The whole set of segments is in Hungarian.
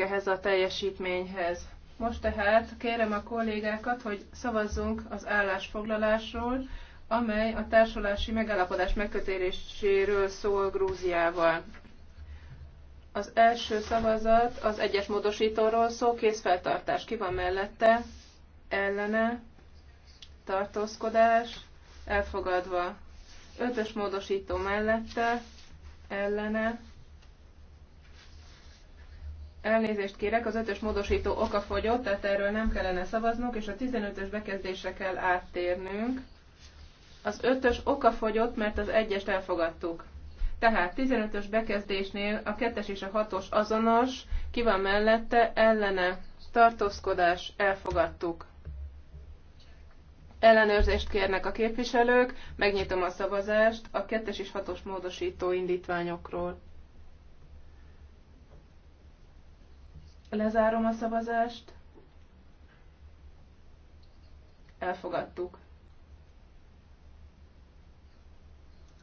ehhez a teljesítményhez. Most tehát kérem a kollégákat, hogy szavazzunk az állásfoglalásról, amely a társulási megállapodás megkötéléséről szól Grúziával. Az első szavazat az egyes módosítóról szól, készfeltartás ki van mellette, ellene, tartózkodás, elfogadva. Ötös módosító mellette, ellene, Elnézést kérek, az ötös módosító oka fogyott, tehát erről nem kellene szavaznunk, és a 15-ös bekezdésre kell áttérnünk. Az ötös oka fogyott, mert az egyest elfogadtuk. Tehát 15-ös bekezdésnél a 2-es és a 6-os azonos, ki van mellette, ellene, tartózkodás, elfogadtuk. Ellenőrzést kérnek a képviselők, megnyitom a szavazást a 2-es és 6-os módosító indítványokról. Lezárom a szavazást. Elfogadtuk.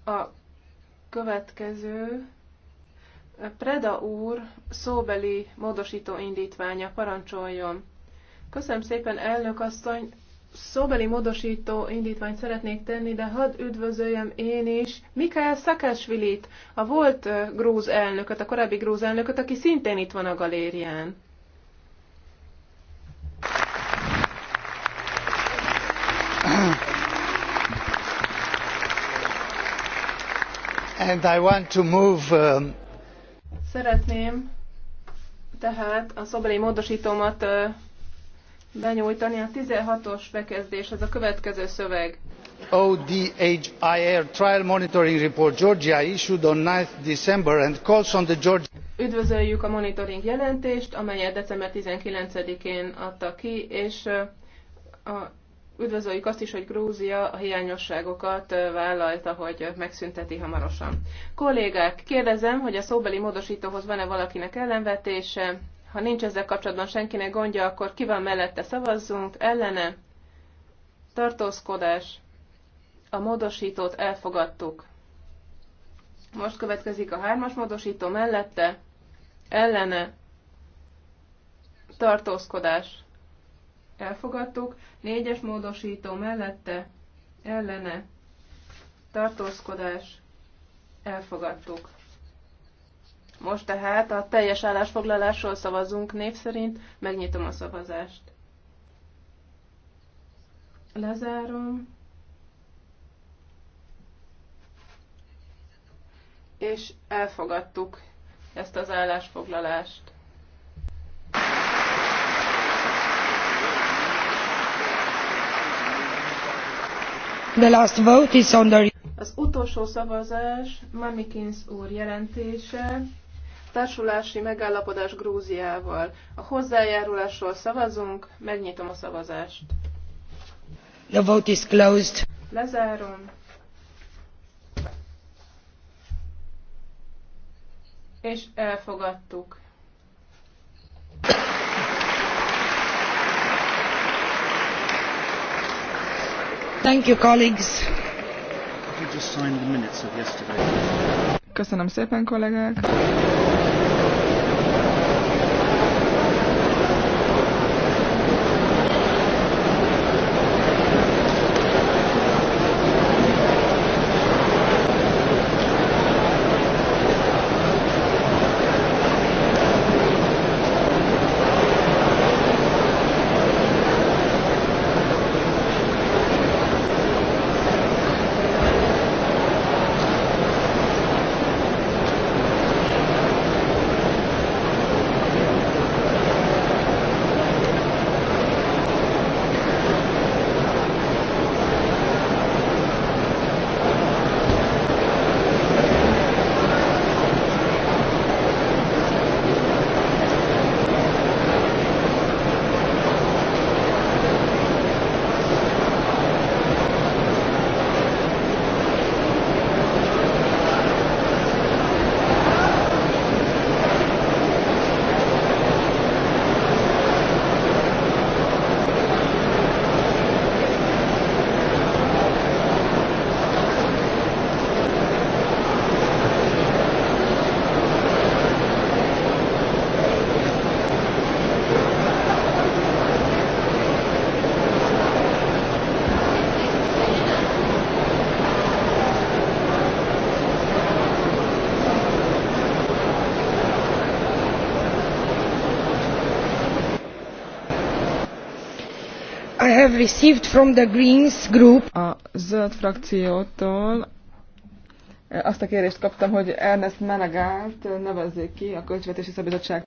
A következő Preda úr szóbeli módosító indítványa parancsoljon. Köszönöm szépen, elnök asszony, szóbeli módosító indítványt szeretnék tenni, de hadd üdvözöljem én is Mikhail Szakásvilit, a volt grúz elnököt, a korábbi grúz elnököt, aki szintén itt van a galérián. And I want to move, um... Szeretném tehát a szobeli módosítómat uh, benyújtani. A 16-os bekezdés, ez a következő szöveg. ODHIR Trial Monitoring Report Georgia issued on 9 December and calls on the Georgia... Üdvözöljük a monitoring jelentést, amelyet december 19-én adta ki, és a, üdvözöljük azt is, hogy Grúzia a hiányosságokat vállalta, hogy megszünteti hamarosan. Kollégák, kérdezem, hogy a szóbeli módosítóhoz van-e valakinek ellenvetése? Ha nincs ezzel kapcsolatban senkinek gondja, akkor ki van mellette szavazzunk, ellene, tartózkodás, a módosítót elfogadtuk. Most következik a hármas módosító mellette, ellene, tartózkodás, elfogadtuk, négyes módosító mellette, ellene, tartózkodás, elfogadtuk. Most tehát a teljes állásfoglalásról szavazunk név szerint. Megnyitom a szavazást. Lezárom. És elfogadtuk ezt az állásfoglalást. The last vote is on the... Az utolsó szavazás Mamikins úr jelentése társulási megállapodás Grúziával. A hozzájárulásról szavazunk, megnyitom a szavazást. The vote is closed. Lezárom. És elfogadtuk. Thank you, colleagues. just signed the minutes of yesterday? Köszönöm szépen, kollégák! have received from the Greens group. A zöld frakciótól eh, azt a kérést kaptam, hogy Ernest Menegát eh, nevezzék ki a Költségvetési Szabizottság